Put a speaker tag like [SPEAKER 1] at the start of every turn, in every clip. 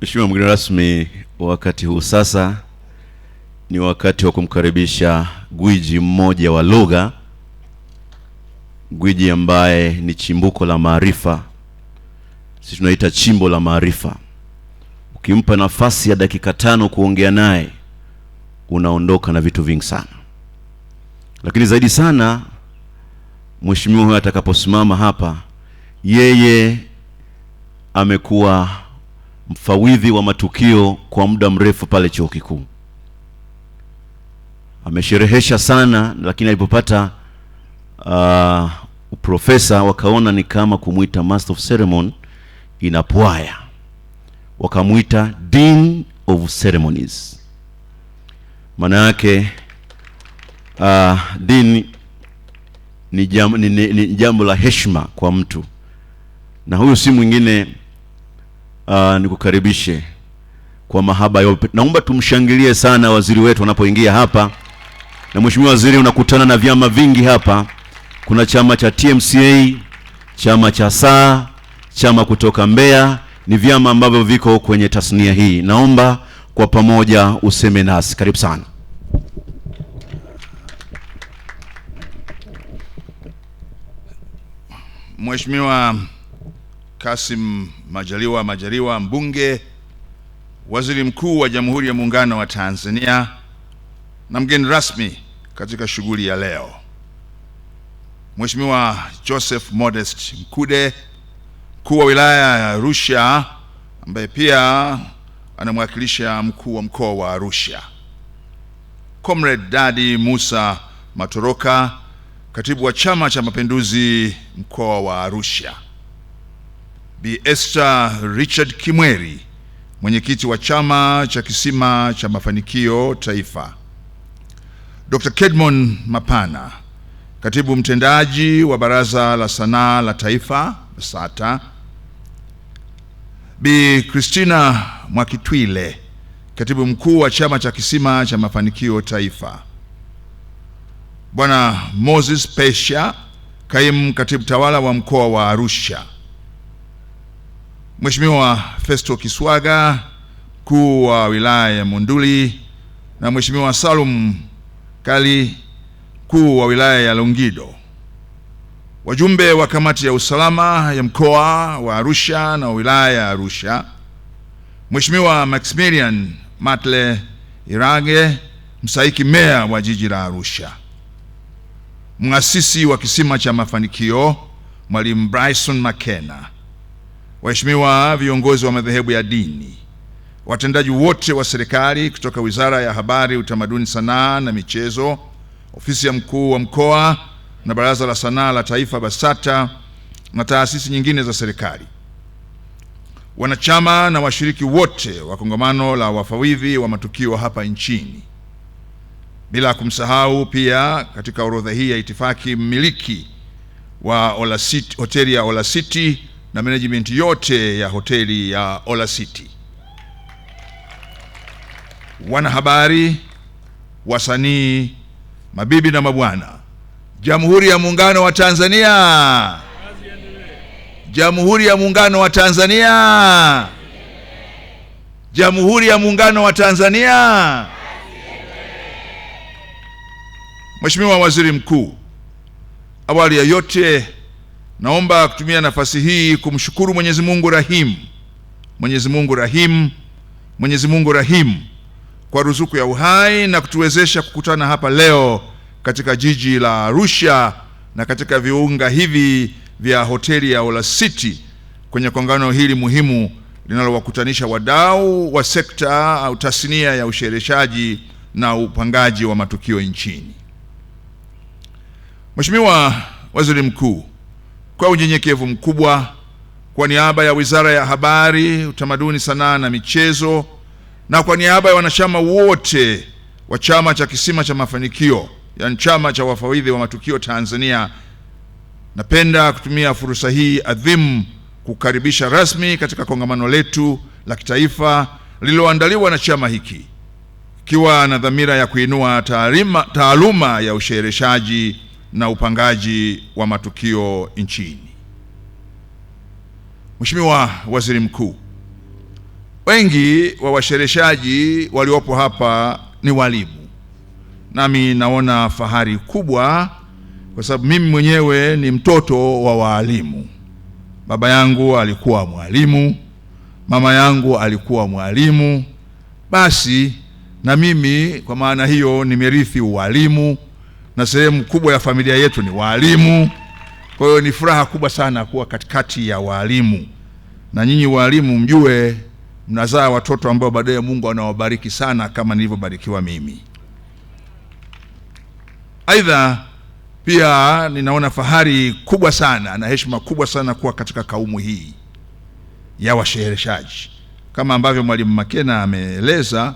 [SPEAKER 1] Mheshimiwa mgeni rasmi, wakati huu sasa ni wakati wa kumkaribisha gwiji mmoja wa lugha, gwiji ambaye ni chimbuko la maarifa, sisi tunaita chimbo la maarifa. Ukimpa nafasi ya dakika tano kuongea naye unaondoka na vitu vingi sana, lakini zaidi sana mheshimiwa huyo atakaposimama hapa, yeye amekuwa mfawidhi wa matukio kwa muda mrefu pale chuo kikuu. Amesherehesha sana, lakini alipopata uh, uprofesa wakaona ni kama kumwita master of ceremony inapwaya, wakamwita dean of ceremonies. Maana yake uh, dean ni jambo, ni, ni, ni jambo la heshima kwa mtu, na huyu si mwingine Uh, nikukaribishe kwa mahaba yote. Naomba tumshangilie sana waziri wetu anapoingia hapa. Na mheshimiwa waziri, unakutana na vyama vingi hapa, kuna chama cha TMCA, chama cha saa, chama kutoka Mbeya, ni vyama ambavyo viko kwenye tasnia hii. Naomba kwa pamoja useme nasi, karibu sana.
[SPEAKER 2] Mheshimiwa kasim Majaliwa Majaliwa, mbunge, waziri mkuu wa Jamhuri ya Muungano wa Tanzania na mgeni rasmi katika shughuli ya leo, Mheshimiwa Joseph Modest Mkude, mkuu wa wilaya ya Arusha ambaye pia anamwakilisha mkuu wa mkoa wa Arusha, Comrade Dadi Musa Matoroka, katibu wa Chama cha Mapinduzi mkoa wa Arusha, Bi Esther Richard Kimweri, mwenyekiti wa chama cha Kisima cha Mafanikio Taifa, Dr. Kedmon Mapana, katibu mtendaji wa Baraza la Sanaa la Taifa BASATA, Bi Christina Mwakitwile, katibu mkuu wa chama cha Kisima cha Mafanikio Taifa, Bwana Moses Pesha, kaimu katibu tawala wa mkoa wa Arusha Mheshimiwa Festo Kiswaga, mkuu wa wilaya ya Monduli, na Mheshimiwa Salum Kali, mkuu wa wilaya ya Longido, wajumbe wa kamati ya usalama ya mkoa wa Arusha na wilaya ya Arusha, Mheshimiwa Maximilian Matle Irage, msaiki meya wa jiji la Arusha, mwasisi wa kisima cha mafanikio Mwalimu Bryson Makena Waheshimiwa viongozi wa madhehebu ya dini, watendaji wote wa serikali kutoka Wizara ya Habari, Utamaduni, Sanaa na Michezo, ofisi ya mkuu wa mkoa na Baraza la Sanaa la Taifa BASATA na taasisi nyingine za serikali, wanachama na washiriki wote wa kongamano la wafawidhi wa matukio hapa nchini, bila kumsahau pia katika orodha hii ya itifaki mmiliki wa City, hoteli ya Olasiti na management yote ya hoteli ya Ola City, wanahabari, wasanii, mabibi na mabwana, Jamhuri ya Muungano wa Tanzania, Jamhuri ya Muungano wa Tanzania, Jamhuri ya Muungano wa Tanzania. Mheshimiwa Waziri Mkuu, awali ya yote Naomba kutumia nafasi hii kumshukuru Mwenyezi Mungu Rahim, Mwenyezi Mungu rahimu, Mwenyezi Mungu Rahim kwa ruzuku ya uhai na kutuwezesha kukutana hapa leo katika jiji la Arusha na katika viunga hivi vya hoteli ya Ola City kwenye kongamano hili muhimu linalowakutanisha wadau wa sekta au tasnia ya ushereshaji na upangaji wa matukio nchini. Mheshimiwa Waziri Mkuu, kwa unyenyekevu mkubwa, kwa niaba ya Wizara ya Habari, Utamaduni, Sanaa na Michezo na kwa niaba ya wanachama wote wa Chama cha Kisima cha Mafanikio, yaani Chama cha Wafawidhi wa Matukio Tanzania, napenda kutumia fursa hii adhimu kukaribisha rasmi katika kongamano letu la kitaifa lililoandaliwa na chama hiki ikiwa na dhamira ya kuinua taaluma ya ushehereshaji na upangaji wa matukio nchini. Mheshimiwa Waziri Mkuu, wengi wa washereheshaji waliopo hapa ni walimu, nami naona fahari kubwa kwa sababu mimi mwenyewe ni mtoto wa waalimu. Baba yangu alikuwa mwalimu, mama yangu alikuwa mwalimu, basi na mimi kwa maana hiyo nimerithi ualimu na sehemu kubwa ya familia yetu ni walimu. Kwa hiyo ni furaha kubwa sana kuwa katikati ya walimu, na nyinyi walimu mjue mnazaa watoto ambao baadaye Mungu anawabariki sana kama nilivyobarikiwa mimi. Aidha, pia ninaona fahari kubwa sana na heshima kubwa sana kuwa katika kaumu hii ya washehereshaji Kama ambavyo Mwalimu Makena ameeleza,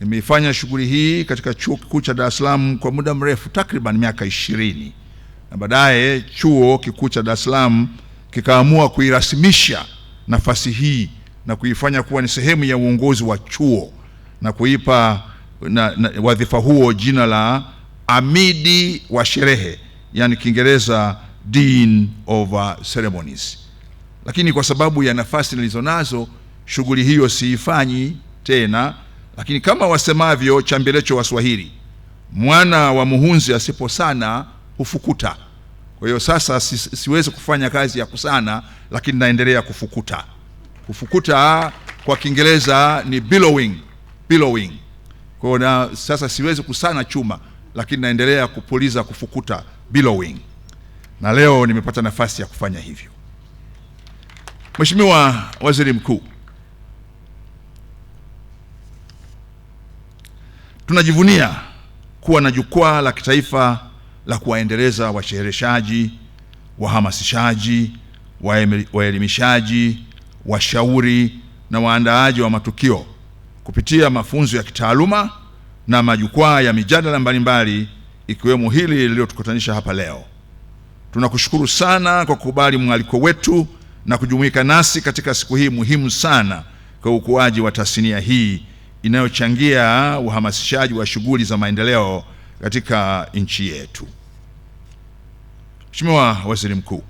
[SPEAKER 2] Nimeifanya shughuli hii katika chuo kikuu cha Dar es Salaam kwa muda mrefu, takriban miaka ishirini, na baadaye chuo kikuu cha Dar es Salaam kikaamua kuirasimisha nafasi hii na kuifanya kuwa ni sehemu ya uongozi wa chuo na kuipa na, na, wadhifa huo jina la amidi wa sherehe, yani Kiingereza dean of ceremonies. Lakini kwa sababu ya nafasi nilizonazo, shughuli hiyo siifanyi tena. Lakini kama wasemavyo chambelecho Waswahili, mwana wa muhunzi asiposana hufukuta. Kwa hiyo sasa si, siwezi kufanya kazi ya kusana, lakini naendelea kufukuta. Kufukuta kwa Kiingereza ni billowing, billowing. Kwa hiyo na sasa siwezi kusana chuma, lakini naendelea kupuliza kufukuta, billowing, na leo nimepata nafasi ya kufanya hivyo. Mheshimiwa Waziri Mkuu, Tunajivunia kuwa na jukwaa la kitaifa la kuwaendeleza washereheshaji, wahamasishaji, waelimishaji, washauri na waandaaji wa matukio kupitia mafunzo ya kitaaluma na majukwaa ya mijadala mbalimbali ikiwemo hili lililotukutanisha hapa leo. Tunakushukuru sana kwa kukubali mwaliko wetu na kujumuika nasi katika siku hii muhimu sana kwa ukuaji wa tasnia hii inayochangia uhamasishaji wa shughuli za maendeleo katika nchi yetu. Mheshimiwa Waziri Mkuu,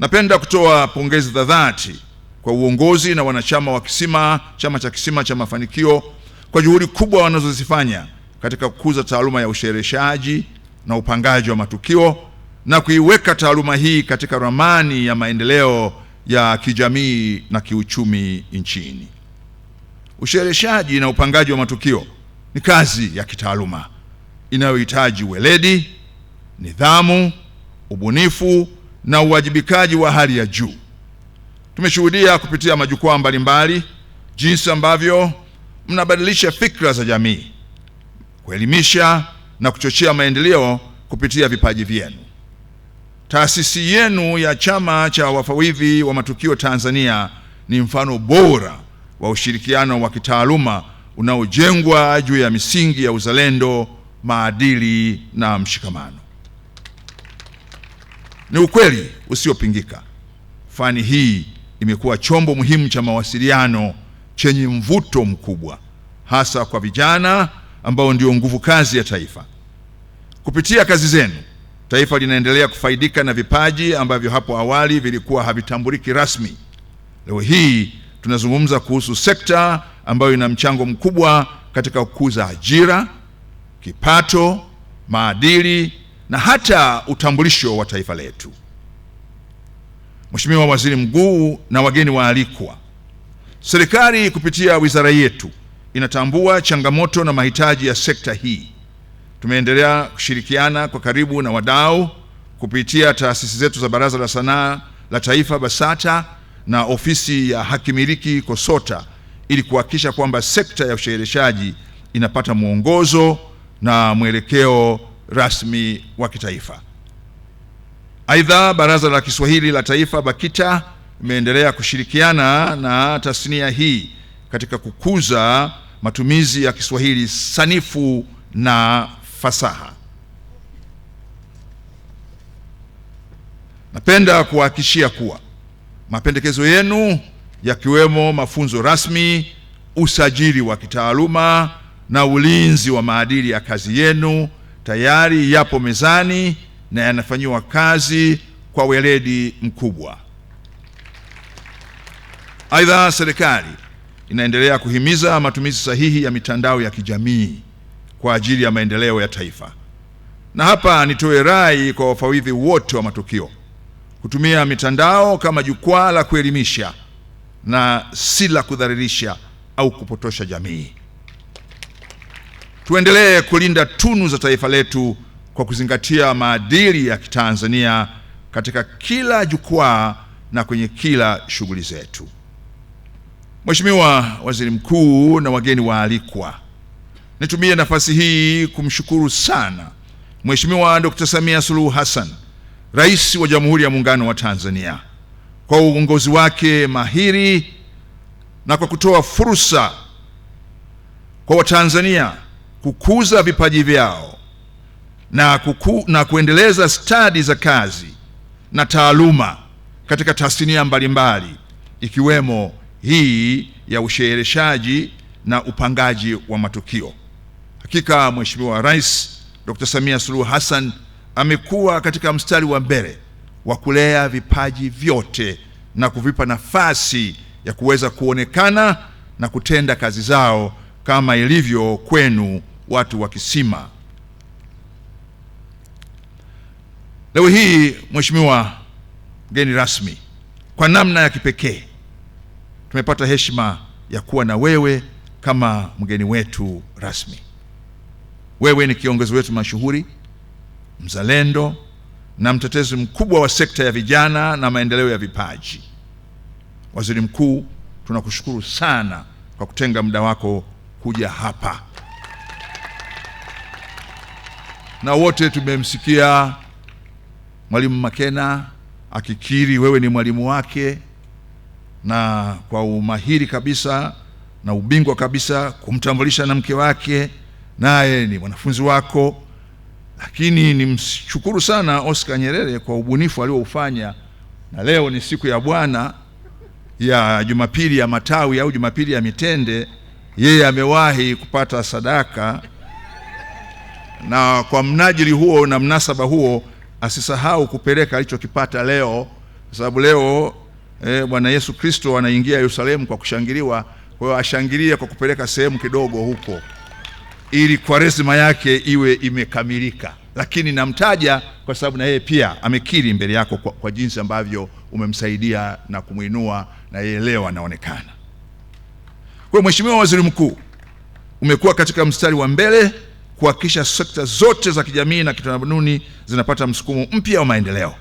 [SPEAKER 2] napenda kutoa pongezi za dhati kwa uongozi na wanachama wa Kisima, chama cha Kisima cha Mafanikio, kwa juhudi kubwa wanazozifanya katika kukuza taaluma ya ushereshaji na upangaji wa matukio na kuiweka taaluma hii katika ramani ya maendeleo ya kijamii na kiuchumi nchini. Ushereshaji na upangaji wa matukio ni kazi ya kitaaluma inayohitaji weledi, nidhamu, ubunifu na uwajibikaji wa hali ya juu. Tumeshuhudia kupitia majukwaa mbalimbali jinsi ambavyo mnabadilisha fikra za jamii, kuelimisha na kuchochea maendeleo kupitia vipaji vyenu. Taasisi yenu ya Chama cha Wafawidhi wa Matukio Tanzania ni mfano bora wa ushirikiano wa kitaaluma unaojengwa juu ya misingi ya uzalendo, maadili na mshikamano. Ni ukweli usiopingika, fani hii imekuwa chombo muhimu cha mawasiliano chenye mvuto mkubwa, hasa kwa vijana ambao ndio nguvu kazi ya taifa. Kupitia kazi zenu, taifa linaendelea kufaidika na vipaji ambavyo hapo awali vilikuwa havitambuliki rasmi. Leo hii tunazungumza kuhusu sekta ambayo ina mchango mkubwa katika kukuza ajira, kipato, maadili na hata utambulisho wa taifa letu. Mheshimiwa Waziri Mkuu na wageni waalikwa, serikali kupitia wizara yetu inatambua changamoto na mahitaji ya sekta hii. Tumeendelea kushirikiana kwa karibu na wadau kupitia taasisi zetu za Baraza la Sanaa la Taifa BASATA na ofisi ya hakimiliki KOSOTA ili kuhakikisha kwamba sekta ya ushehereshaji inapata mwongozo na mwelekeo rasmi wa kitaifa. Aidha, Baraza la Kiswahili la Taifa BAKITA imeendelea kushirikiana na tasnia hii katika kukuza matumizi ya Kiswahili sanifu na fasaha. Napenda kuhakikishia kuwa Mapendekezo yenu yakiwemo mafunzo rasmi, usajili wa kitaaluma na ulinzi wa maadili ya kazi yenu tayari yapo mezani na yanafanyiwa kazi kwa weledi mkubwa. Aidha, serikali inaendelea kuhimiza matumizi sahihi ya mitandao ya kijamii kwa ajili ya maendeleo ya taifa, na hapa nitoe rai kwa wafawidhi wote wa matukio kutumia mitandao kama jukwaa la kuelimisha na si la kudhalilisha au kupotosha jamii. Tuendelee kulinda tunu za taifa letu kwa kuzingatia maadili ya Kitanzania katika kila jukwaa na kwenye kila shughuli zetu. Mheshimiwa Waziri Mkuu na wageni waalikwa, nitumie nafasi hii kumshukuru sana Mheshimiwa Dr. Samia Suluhu Hassan Rais wa Jamhuri ya Muungano wa Tanzania kwa uongozi wake mahiri na kwa kutoa fursa kwa Watanzania kukuza vipaji vyao na, kuku, na kuendeleza stadi za kazi na taaluma katika tasnia mbalimbali ikiwemo hii ya ushehereshaji na upangaji wa matukio. Hakika Mheshimiwa Rais Dr. Samia Suluhu Hassan amekuwa katika mstari wa mbele wa kulea vipaji vyote na kuvipa nafasi ya kuweza kuonekana na kutenda kazi zao kama ilivyo kwenu watu wa kisima. Leo hii, Mheshimiwa mgeni rasmi, kwa namna ya kipekee tumepata heshima ya kuwa na wewe kama mgeni wetu rasmi. Wewe ni kiongozi wetu mashuhuri mzalendo na mtetezi mkubwa wa sekta ya vijana na maendeleo ya vipaji. Waziri Mkuu, tunakushukuru sana kwa kutenga muda wako kuja hapa, na wote tumemsikia Mwalimu Makena akikiri wewe ni mwalimu wake, na kwa umahiri kabisa na ubingwa kabisa kumtambulisha na mke wake, naye ni mwanafunzi wako. Lakini nimshukuru sana Oscar Nyerere kwa ubunifu alioufanya, na leo ni siku ya Bwana ya Jumapili ya matawi au Jumapili ya mitende. Yeye amewahi kupata sadaka, na kwa mnajili huo na mnasaba huo asisahau kupeleka alichokipata leo, kwa sababu leo eh, Bwana Yesu Kristo anaingia Yerusalemu kwa kushangiliwa. Kwa hiyo ashangilie kwa kupeleka sehemu kidogo huko ili kwaresima yake iwe imekamilika, lakini namtaja kwa sababu na yeye pia amekiri mbele yako kwa, kwa jinsi ambavyo umemsaidia na kumwinua na yeye leo anaonekana. Kwa Mheshimiwa Waziri Mkuu, umekuwa katika mstari wa mbele kuhakikisha sekta zote za kijamii na kitamaduni zinapata msukumo mpya wa maendeleo.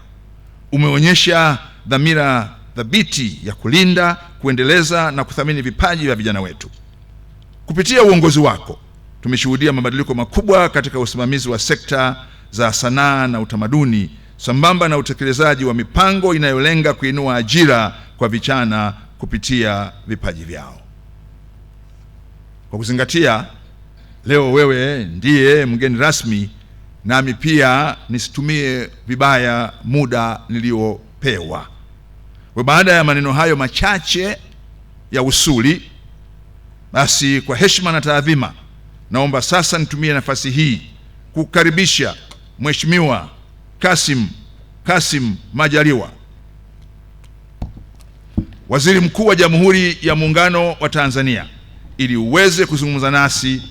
[SPEAKER 2] Umeonyesha dhamira thabiti ya kulinda, kuendeleza na kuthamini vipaji vya vijana wetu. Kupitia uongozi wako tumeshuhudia mabadiliko makubwa katika usimamizi wa sekta za sanaa na utamaduni sambamba na utekelezaji wa mipango inayolenga kuinua ajira kwa vijana kupitia vipaji vyao. Kwa kuzingatia leo wewe ndiye mgeni rasmi, nami pia nisitumie vibaya muda niliopewa. Kwa baada ya maneno hayo machache ya usuli, basi kwa heshima na taadhima Naomba sasa nitumie nafasi hii kukaribisha Mheshimiwa Kasim Kasim Majaliwa, Waziri Mkuu wa Jamhuri ya Muungano wa Tanzania, ili uweze kuzungumza nasi,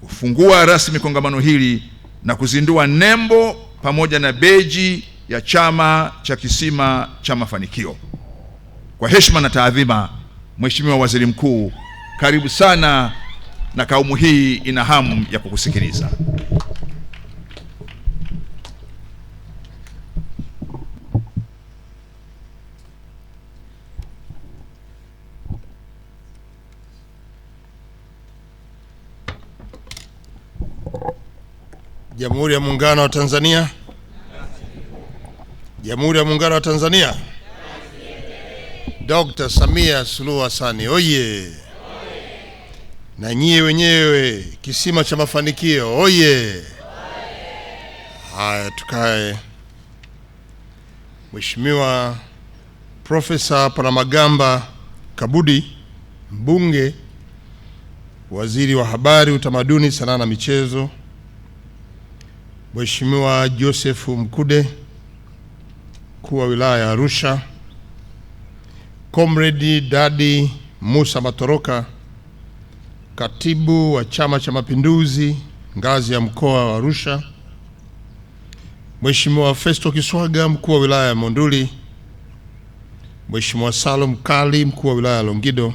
[SPEAKER 2] kufungua rasmi kongamano hili na kuzindua nembo pamoja na beji ya Chama cha Kisima cha Mafanikio. Kwa heshima na taadhima, Mheshimiwa Waziri Mkuu, karibu sana na kaumu hii ina hamu ya kukusikiliza. Jamhuri ya Muungano wa Tanzania. Jamhuri ya Muungano wa Tanzania. Dr. Samia Suluhu Hassan oye! na nyie wenyewe kisima cha mafanikio oye, Haya, tukae. Mheshimiwa Profesa Palamagamba Kabudi, mbunge, waziri wa habari, utamaduni, sanaa na michezo. Mheshimiwa Josefu Mkude, mkuu wa wilaya ya Arusha. Comrade Dadi Musa Matoroka katibu wa Chama cha Mapinduzi ngazi ya mkoa wa Arusha, Mheshimiwa Festo Kiswaga mkuu wa wilaya ya Monduli, Mheshimiwa Salum Kali mkuu wa wilaya ya Longido,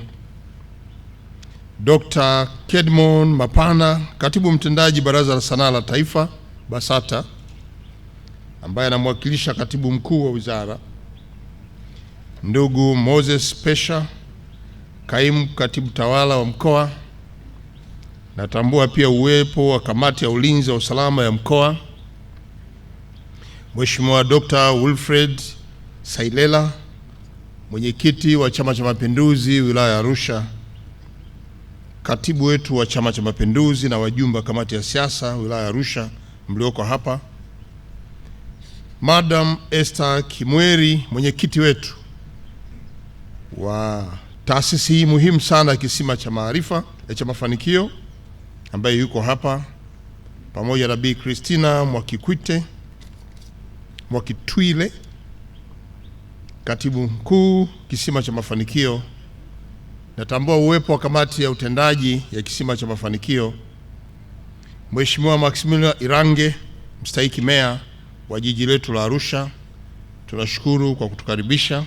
[SPEAKER 2] Dr. Kedmon Mapana katibu mtendaji Baraza la Sanaa la Taifa BASATA ambaye anamwakilisha katibu mkuu wa wizara, ndugu Moses Pesha kaimu katibu tawala wa mkoa Natambua pia uwepo wa kamati ya ulinzi wa usalama ya mkoa, Mheshimiwa Dr. Wilfred Sailela, mwenyekiti wa Chama cha Mapinduzi wilaya ya Arusha, katibu wetu wa Chama cha Mapinduzi na wajumbe wa kamati ya siasa wilaya ya Arusha mlioko hapa, Madam Esther Kimweri, mwenyekiti wetu wa taasisi hii muhimu sana ya kisima cha maarifa eh, cha mafanikio ambaye yuko hapa pamoja na Bi Christina Mwakikwite Mwakitwile, katibu mkuu Kisima cha Mafanikio. Natambua uwepo wa kamati ya utendaji ya Kisima cha Mafanikio, Mheshimiwa Maximilian Irange, mstahiki meya wa jiji letu la Arusha, tunashukuru kwa kutukaribisha